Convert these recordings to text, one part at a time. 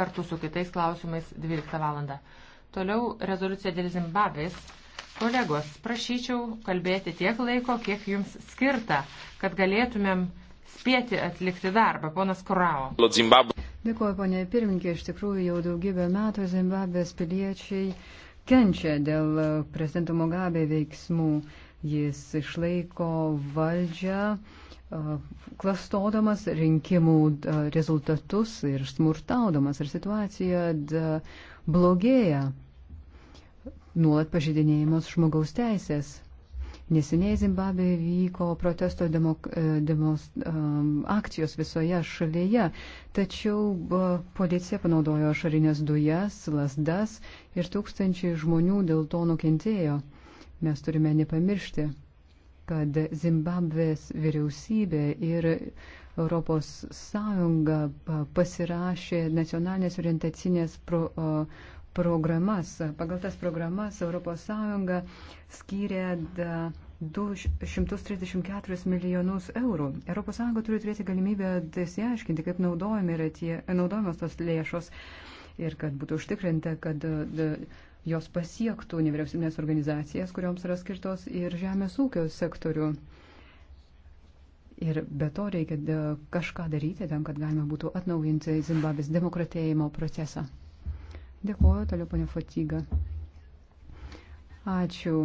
kartu su kitais klausimais 12 val. Toliau rezoliucija dėl Zimbabvės. Kolegos, prašyčiau kalbėti tiek laiko, kiek jums skirta, kad galėtumėm spėti atlikti darbą. Ponas Kurao. Dėkuoju, ponė pirmininkė, iš tikrųjų jau daugybę metų Zimbabvės piliečiai kenčia dėl prezidento Mugabe veiksmų. Jis išlaiko valdžią klastodamas rinkimų rezultatus ir smurtaudamas, ir situacija blogėja, nuolat pažydinėjimas žmogaus teisės. Neseniai Zimbabvėje vyko protesto demok, demos, um, akcijos visoje šalyje, tačiau uh, policija panaudojo ašarinės dujas, lasdas ir tūkstančiai žmonių dėl to nukentėjo. Mes turime nepamiršti, kad Zimbabvės vyriausybė ir Europos Sąjunga pasirašė nacionalinės orientacinės pro, programas. Pagal tas programas Europos Sąjunga skyrė 234 milijonus eurų. ES turi turėti galimybę įsiaiškinti, kaip naudojami yra tie, naudojamos tos lėšos ir kad būtų užtikrinta, kad jos pasiektų nevyriausybinės organizacijas, kurioms yra skirtos ir žemės ūkio sektorių. Ir be to reikia de, kažką daryti tam, kad galima būtų atnaujinti Zimbabvės demokratėjimo procesą. Dėkuoju, toliau ponia Fatiga. Ačiū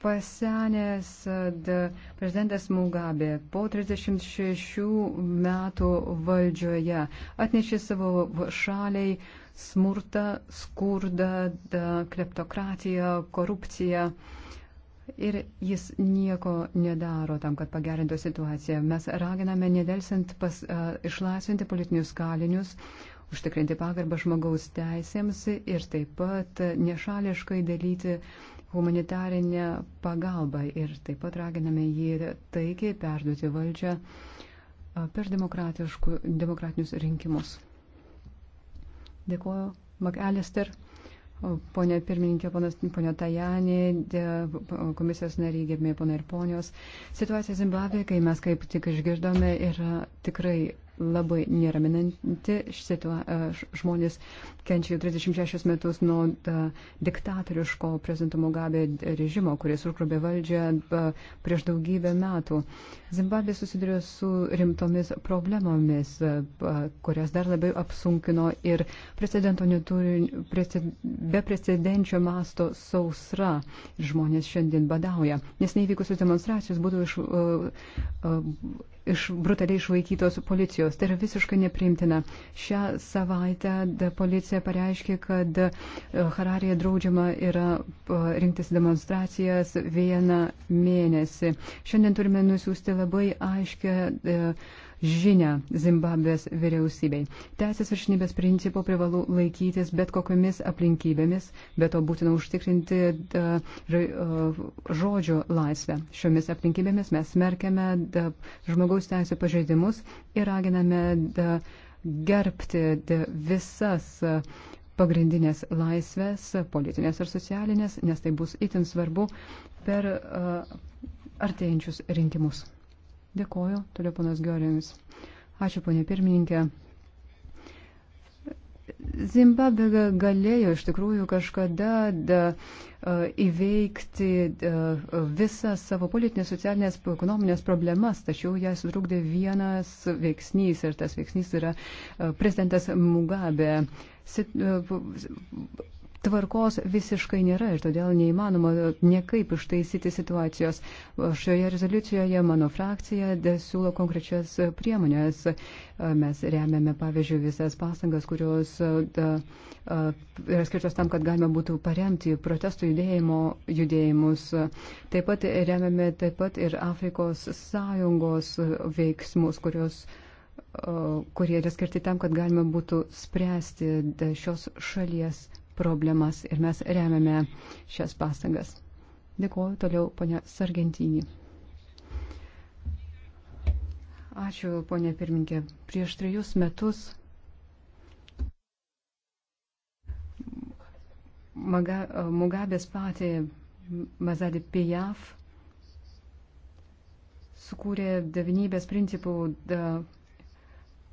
pasenęs prezidentas Mugabė po 36 metų valdžioje atnešė savo šaliai smurtą, skurdą, kleptokratiją, korupciją. Ir jis nieko nedaro tam, kad pagerintų situaciją. Mes raginame nedelsint pas, uh, išlaisvinti politinius kalinius, užtikrinti pagarbą žmogaus teisėms ir taip pat nešališkai dalyti uh, humanitarinę pagalbą ir taip pat raginame jį taikiai perduoti valdžią per demokratinius rinkimus. Dėkuoju, McAllister, ponė pirmininkė, ponė Tajanė, komisijos nariai, gerbėjai ponai ir ponios. Situacija Zimbabvėje, kai mes kaip tik išgirdome, yra tikrai labai neraminanti. Situa, e, žmonės kenčia jau 36 metus nuo e, diktatoriško prezidento Mugabe režimo, kuris užgrobė valdžią e, prieš daugybę metų. Zimbabvė susiduria su rimtomis problemomis, kurias dar labiau apsunkino ir precedento neturi, preced, be precedenčio masto sausra. Žmonės šiandien badauja, nes neįvykusios demonstracijos būtų iš. Uh, uh, iš, brutaliai išvaikytos policijos. Tai yra visiškai nepriimtina. Šią savaitę policija pareiškė, kad e, Hararėje draudžiama yra e, rinktis demonstracijas vieną mėnesį. Šiandien turime nusiųsti labai aiškę. E, žinę Zimbabvės vyriausybei. Teisės viršinybės principo privalu laikytis bet kokiamis aplinkybėmis, bet to būtina užtikrinti žodžio laisvę. Šiomis aplinkybėmis mes smerkiame žmogaus teisų pažeidimus ir raginame gerbti visas pagrindinės laisvės, politinės ir socialinės, nes tai bus itin svarbu per uh, artėjančius rinkimus. Dėkoju, toliau ponas Giorinis. Ačiū, ponė pirmininkė. Zimbabvė galėjo iš tikrųjų kažkada da, įveikti visas savo politinės, socialinės, ekonominės problemas, tačiau ją sutrukdė vienas veiksnys ir tas veiksnys yra prezidentas Mugabe. Tvarkos visiškai nėra ir todėl neįmanoma niekaip ištaisyti situacijos. Šioje rezoliucijoje mano frakcija siūlo konkrečias priemonės. Mes remiame, pavyzdžiui, visas pastangas, kurios e, da, e, yra skirtos tam, kad galima būtų paremti protestų judėjimo judėjimus. Taip pat remiame taip pat ir Afrikos sąjungos veiksmus, kurios e, kurie yra skirti tam, kad galima būtų spręsti šios šalies problemas ir mes remiame šias pastangas. Dėkuoju toliau, ponia Sargentinį. Ačiū, ponia pirminkė. Prieš trejus metus Maga, Mugabės patį Mazadį Pijaf sukūrė devinybės principų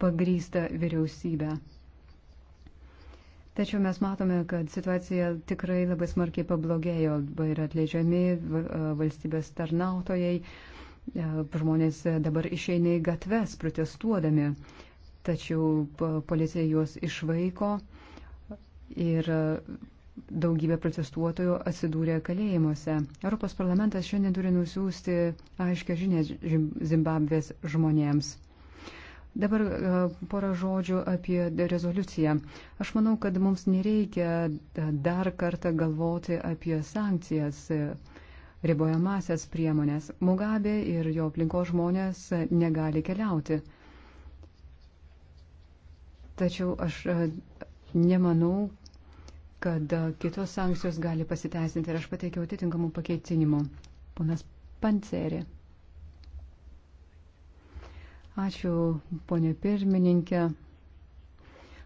pagrystą vyriausybę. Tačiau mes matome, kad situacija tikrai labai smarkiai pablogėjo ir atleidžiami e, valstybės tarnautojai. E, žmonės dabar išeina į gatves protestuodami, tačiau policija juos išvaiko ir daugybė protestuotojų atsidūrė kalėjimuose. Europos parlamentas šiandien turi nusiųsti aiškę žinę Zimbabvės žmonėms. Dabar e, porą žodžių apie rezoliuciją. Aš manau, kad mums nereikia dar kartą galvoti apie sankcijas e, ribojamasias priemonės. Mugabe ir jo aplinko žmonės negali keliauti. Tačiau aš e, nemanau, kad kitos sankcijos gali pasiteisinti ir aš pateikiau atitinkamų pakeitinimų. Ponas Pancerė. Ačiū, ponė pirmininkė.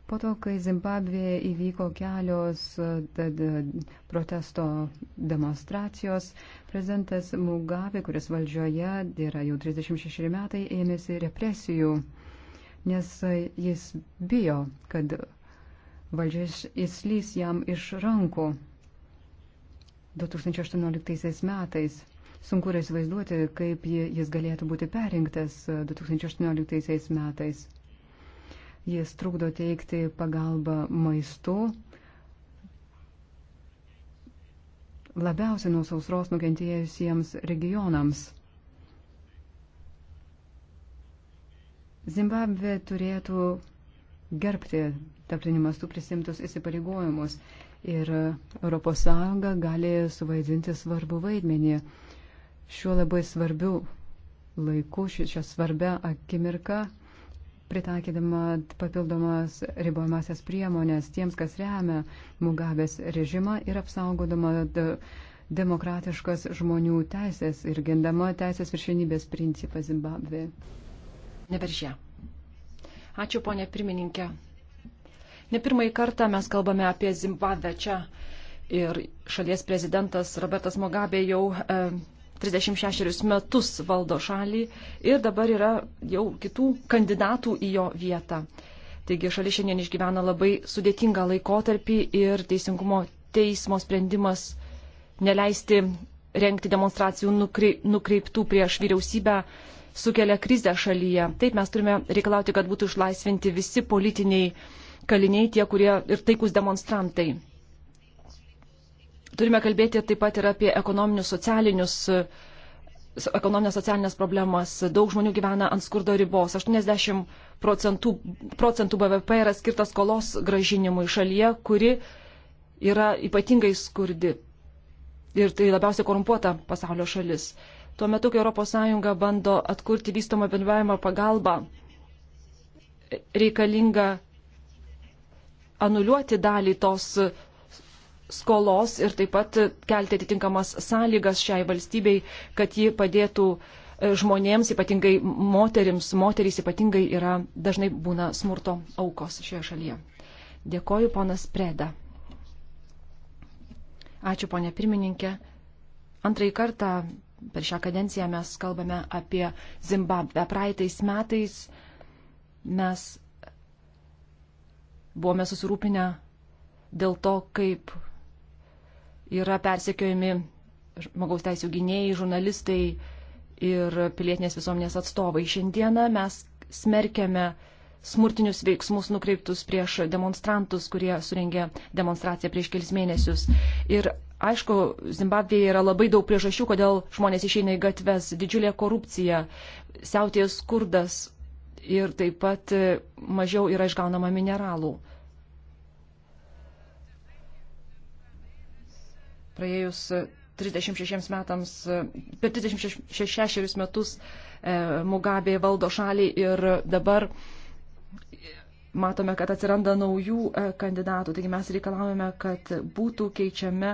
Po to, kai Zimbabvėje įvyko kelios e, protesto demonstracijos, prezidentas Mugabe, kuris valdžioje yra jau 36 metai, ėmėsi represijų, nes jis bijo, kad valdžias įslys jam iš rankų 2018 metais. Sunku yra įsivaizduoti, kaip jis galėtų būti perinktas 2018 e, metais. Jis trukdo teikti pagalbą maistu. labiausiai nuo sausros nukentėjusiems regionams. Zimbabvė turėtų gerbti tarptautiniu mastu prisimtus įsipareigojimus ir ES gali suvaidinti svarbu vaidmenį šiuo labai svarbiu laiku, šią svarbę akimirką, pritaikydama papildomas ribojamasias priemonės tiems, kas remia Mugabės režimą ir apsaugodama demokratiškas žmonių teisės ir gendama teisės viršinybės principą Zimbabvė. Neberžė. Ačiū, ponė pirmininkė. Ne pirmąjį kartą mes kalbame apie Zimbabvę čia ir šalies prezidentas Robertas Mugabė jau e, 36 metus valdo šalį ir dabar yra jau kitų kandidatų į jo vietą. Taigi šalis šiandien išgyvena labai sudėtingą laikotarpį ir teisingumo teismo sprendimas neleisti rengti demonstracijų nukreiptų prieš vyriausybę sukelia krizę šalyje. Taip mes turime reikalauti, kad būtų išlaisvinti visi politiniai kaliniai, tie, kurie ir taikus demonstrantai. Turime kalbėti taip pat ir apie ekonominius socialinius ekonominės socialinės problemas, daug žmonių gyvena ant skurdo ribos, 80 procentų, procentų BVP yra skirtas skolos gražinimui šalyje, kuri yra ypatingai skurdi ir tai labiausiai korumpuota pasaulio šalis. Tuo metu, kai ES bando atkurti vystomą bendravimą pagalbą, reikalinga anuliuoti dalį tos skolos ir taip pat kelti atitinkamas sąlygas šiai valstybei, kad ji padėtų e, žmonėms, ypatingai moterims. Moterys ypatingai yra dažnai būna smurto aukos šioje šalyje. Dėkoju, ponas Preda. Ačiū, ponė pirmininkė. Antrąjį kartą per šią kadenciją mes kalbame apie Zimbabvę. Praeitais metais mes buvome susirūpinę dėl to, kaip yra persekiojami žmogaus teisų gynėjai, žurnalistai ir pilietinės visuomenės atstovai. Šiandieną mes smerkiame smurtinius veiksmus nukreiptus prieš demonstrantus, kurie surengė demonstraciją prieš kelis mėnesius. Ir aišku, Zimbabvėje yra labai daug priežasčių, kodėl žmonės išeina į gatves. Didžiulė korupcija, siautės skurdas ir taip pat mažiau yra išgaunama mineralų. praėjus 36 e, metams, e, per 36 metus e, Mugabė valdo šalį ir dabar matome, kad atsiranda naujų kandidatų. Taigi mes reikalavome, kad būtų keičiame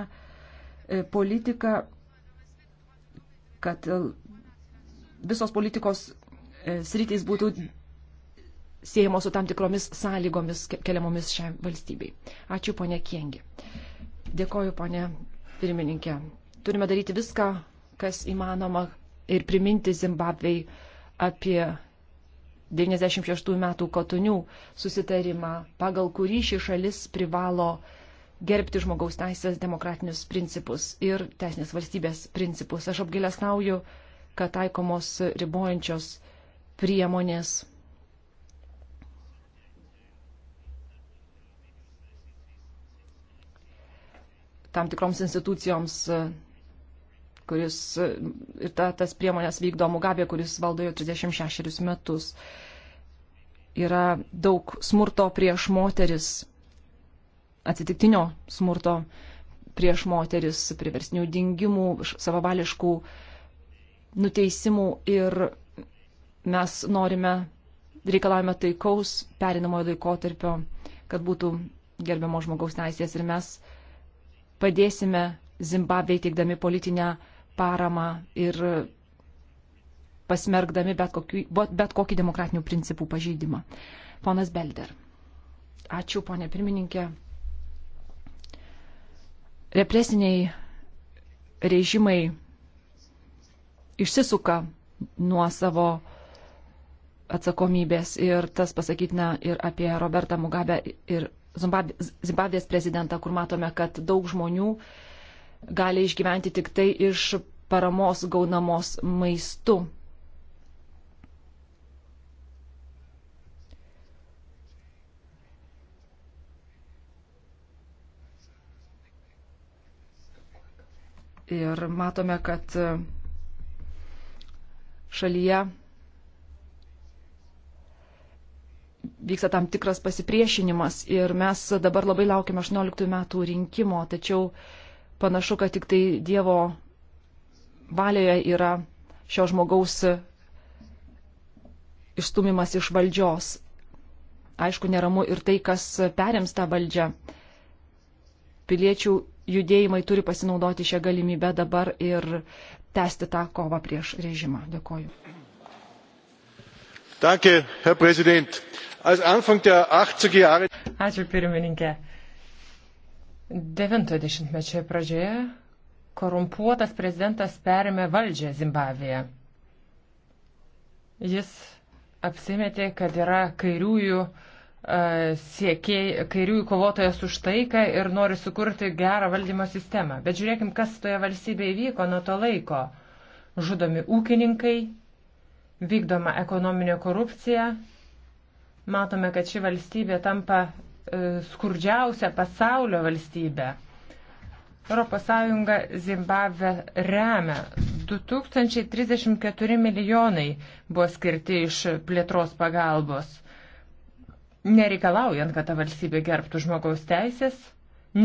politika, kad visos politikos sritys būtų siejamos su tam tikromis sąlygomis keliamomis šiam valstybei. Ačiū, ponė Kiengi. Dėkoju, ponė pirmininkė. Turime daryti viską, kas įmanoma ir priminti Zimbabvei apie 96 metų kotonių susitarimą, pagal kurį ši šalis privalo gerbti žmogaus teisės demokratinius principus ir teisinės valstybės principus. Aš apgailestauju, kad taikomos ribojančios priemonės tam tikroms institucijoms, e, kuris e, ir ta, tas priemonės vykdo Mugabė, kuris valdo jau 36 metus. Yra daug smurto prieš moteris, atsitiktinio smurto prieš moteris, priversnių dingimų, savavališkų nuteisimų ir mes norime, reikalavime taikaus perinamojo laikotarpio, kad būtų gerbiamo žmogaus teisės ir mes padėsime Zimbabvei teikdami politinę paramą ir pasmergdami bet, kokiu, bet kokį demokratinių principų pažeidimą. Ponas Belder. Ačiū, ponė pirmininkė. Represiniai režimai išsisuka nuo savo atsakomybės ir tas pasakytina ir apie Robertą Mugabę ir Zimbabvės prezidentą, kur matome, kad daug žmonių gali išgyventi tik tai iš paramos gaunamos maistu. Ir matome, kad šalyje vyksta tam tikras pasipriešinimas ir mes dabar labai laukiam 18 metų rinkimo, tačiau panašu, kad tik tai Dievo valioje yra šio žmogaus išstumimas iš valdžios. Aišku, neramu ir tai, kas perims tą valdžią. Piliečių judėjimai turi pasinaudoti šią galimybę dabar ir tęsti tą kovą prieš režimą. Dėkoju. Danke, Herr Präsident. Als Anfang der 80er Jahre. Ačiū pirmininkė. 90-mečio pradžioje korumpuotas prezidentas perėmė valdžią Zimbabvėje. Jis apsimetė, kad yra kairiųjų e, siekiai, kairiųjų kovotojas už taiką ir nori sukurti gerą valdymo sistemą. Bet žiūrėkim, kas toje valstybėje įvyko nuo to laiko. Žudomi ūkininkai, vykdoma ekonominė korupcija. Matome, kad ši valstybė tampa e, skurdžiausia pasaulio valstybė. ES Zimbabvę remia. 2034 milijonai buvo skirti iš plėtros pagalbos. Nereikalaujant, kad ta valstybė gerbtų žmogaus teisės,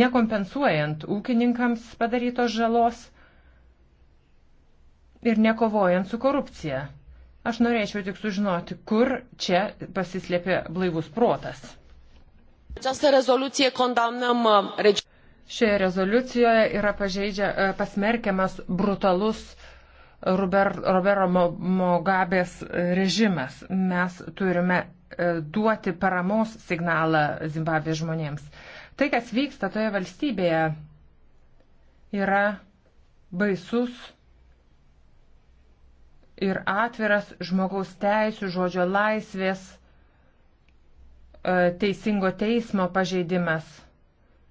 nekompensuojant ūkininkams padarytos žalos ir nekovojant su korupcija. Aš norėčiau tik sužinoti, kur čia pasislėpė blaivus protas. Uh, Šioje rezoliucijoje yra pažeidžia, uh, pasmerkiamas brutalus Robero Mogabės režimas. Mes turime uh, duoti paramos signalą Zimbabvės žmonėms. Tai, kas vyksta toje valstybėje, yra baisus ir atviras žmogaus teisų, žodžio laisvės, e, teisingo teismo pažeidimas.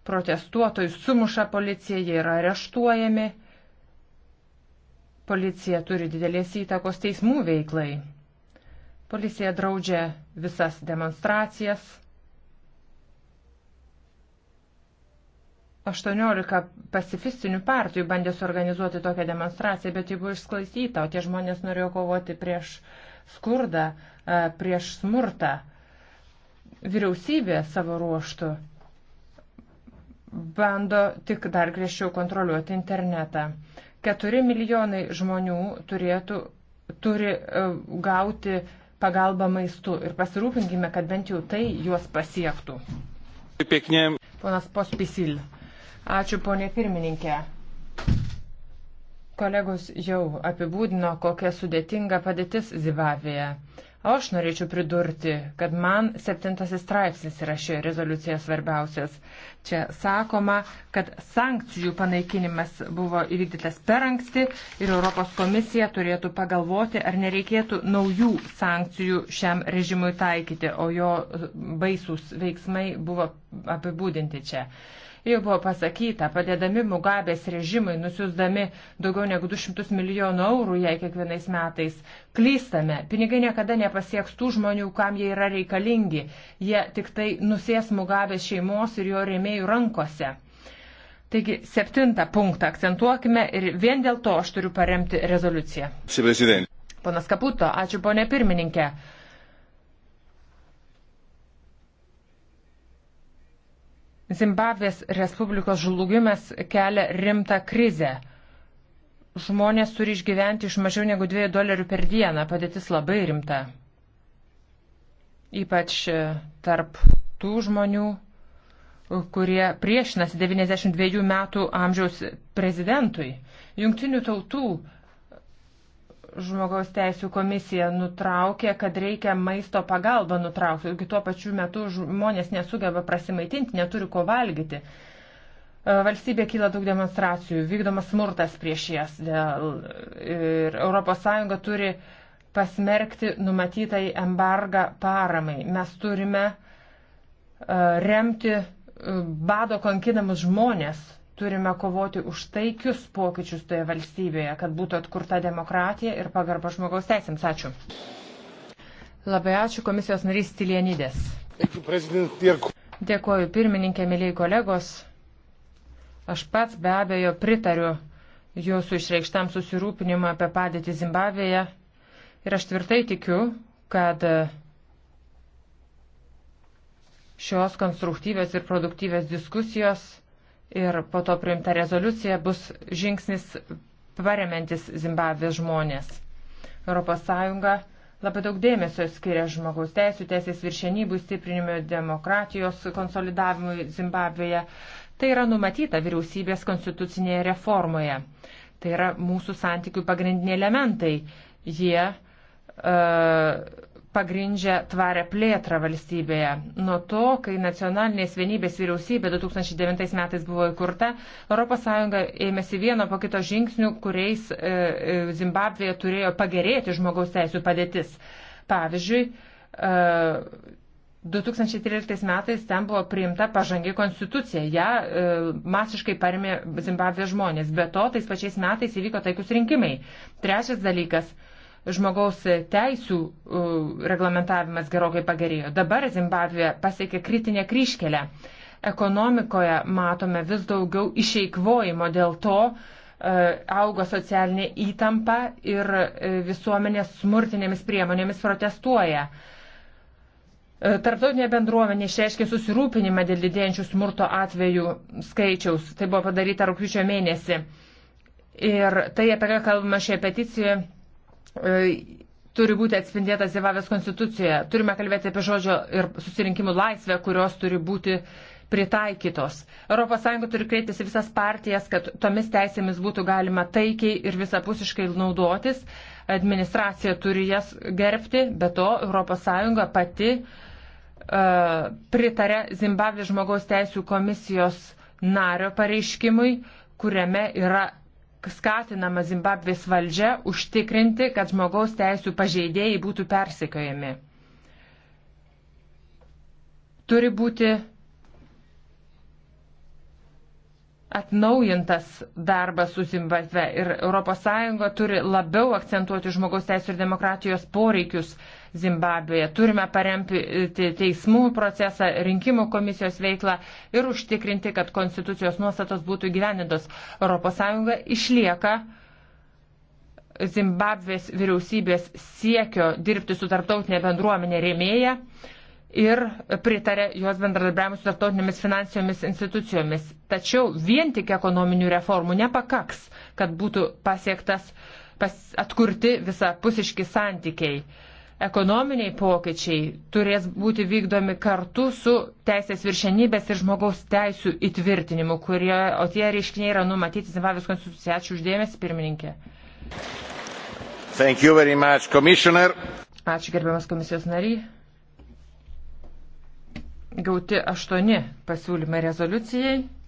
Protestuotojus sumuša policija, jie yra areštuojami. Policija turi didelės įtakos teismų veiklai. Policija draudžia visas demonstracijas. 18 pacifistinių partijų bandė suorganizuoti tokią demonstraciją, bet ji buvo išsklaisyta, o tie žmonės norėjo kovoti prieš skurdą, e, prieš smurtą. Vyriausybė savo ruoštų bando tik dar griežčiau kontroliuoti internetą. 4 milijonai žmonių turėtų, turi e, gauti pagalbą maistu ir pasirūpinkime, kad bent jau tai juos pasiektų. Pėknėm. Ponas Pospisil. Ačiū, ponė pirmininkė. Kolegos jau apibūdino, kokia sudėtinga padėtis Zimbabvėje. O aš norėčiau pridurti, kad man septintasis straipsnis yra šioje rezoliucijoje svarbiausias. Čia sakoma, kad sankcijų panaikinimas buvo įvykdytas per anksti ir Europos komisija turėtų pagalvoti, ar nereikėtų naujų sankcijų šiam režimui taikyti, o jo baisus veiksmai buvo apibūdinti čia. Jau buvo pasakyta, padėdami Mugabės režimui, nusiusdami daugiau negu 200 milijonų eurų jai kiekvienais metais, klystame. Pinigai niekada nepasieks tų žmonių, kam jie yra reikalingi. Jie tik tai nusės Mugabės šeimos ir jo rėmėjų rankose. Taigi septintą punktą akcentuokime ir vien dėl to aš turiu paremti rezoliuciją. Ponas Kaputo, ačiū ponė pirmininkė. Zimbabvės Respublikos žlugimas kelia rimtą krizę. Žmonės turi išgyventi iš mažiau negu 2 dolerių per dieną. Padėtis labai rimta. Ypač e, tarp tų žmonių, kurie priešinasi 92 metų amžiaus prezidentui. Jungtinių tautų žmogaus teisų komisija nutraukė, kad reikia maisto pagalbą nutraukti, irgi tuo pačiu metu žmonės nesugeba prasimaitinti, neturi ko valgyti. E, valstybė kyla daug demonstracijų, vykdomas smurtas prieš jas dėl, e, ir ES turi pasmerkti numatytai embargą paramai. Mes turime e, remti bado kankinamus žmonės, Turime kovoti už taikius pokyčius toje valstybėje, kad būtų atkurta demokratija ir pagarba žmogaus teisėms. Ačiū. Labai ačiū komisijos narys Tilienidės. Dėkuoju pirmininkė, mėlyjei kolegos. Aš pats be abejo pritariu jūsų išreikštam susirūpinimu apie padėtį Zimbabvėje ir aš tvirtai tikiu, kad šios konstruktyvės ir produktyvės diskusijos ir po to priimta rezoliucija bus žingsnis paremantis Zimbabvės žmonės. ES labai daug dėmesio skiria žmogaus teisų, teisės viršenybų stiprinimui, demokratijos konsolidavimui Zimbabvėje. Tai yra numatyta vyriausybės konstitucinėje reformoje. Tai yra mūsų santykių pagrindiniai elementai. Jie uh, pagrindžia tvarę plėtrą valstybėje. Nuo to, kai nacionalinės vienybės vyriausybė 2009 metais buvo įkurta, ES ėmėsi vieno po kito žingsnių, kuriais e, e, Zimbabvėje turėjo pagerėti žmogaus teisų padėtis. Pavyzdžiui, 2013 e, metais ten buvo priimta pažangi konstitucija, ją e, masiškai parėmė Zimbabvės žmonės. Be to, tais pačiais metais įvyko taikus rinkimai. Trečias dalykas žmogaus teisų reglamentavimas gerokai pagerėjo. Dabar Zimbabvė pasiekė kritinę kryškelę. Ekonomikoje matome vis daugiau išeikvojimo dėl to, e, auga socialinė įtampa ir e, visuomenės smurtinėmis priemonėmis protestuoja. E, tarptautinė bendruomenė išreiškė susirūpinimą dėl didėjančių smurto atvejų skaičiaus. Tai buvo padaryta rūpiučio mėnesį. Ir tai, apie ką kalbama šioje peticijoje, E, turi būti atspindėtas Zivavės konstitucijoje. Turime kalbėti apie žodžio ir susirinkimų laisvę, kurios turi būti pritaikytos. ES turi kreiptis į visas partijas, kad tomis teisėmis būtų galima taikiai ir visapusiškai naudotis. Administracija turi jas gerbti, bet to ES pati uh, pritarė Zimbabvės žmogaus teisų komisijos nario pareiškimui, kuriame yra skatinama Zimbabvės valdžia užtikrinti, kad žmogaus teisų pažeidėjai būtų persikojami. Turi būti atnaujintas darbas su Zimbabve ir ES turi labiau akcentuoti žmogaus teisų ir demokratijos poreikius Zimbabvėje. Turime paremti e, teismų procesą, rinkimų komisijos veiklą ir užtikrinti, kad konstitucijos nuostatos būtų gyvenintos. ES išlieka Zimbabvės vyriausybės siekio dirbti su tarptautinė bendruomenė rėmėja ir pritarė jos bendradarbiavimui su tarptautinėmis finansinėmis institucijomis. Tačiau vien tik ekonominių reformų nepakaks, kad būtų pasiektas pas, atkurti visapusiški santykiai. Ekonominiai pokyčiai turės būti vykdomi kartu su teisės viršenybės ir žmogaus teisų įtvirtinimu, kurie, o tie reiškiniai yra numatyti Zimbabvės konstitucija. Ačiū uždėmesi, pirmininkė. Much, Ačiū gerbiamas komisijos nariai. Gauti aštuoni pasiūlymai rezoliucijai.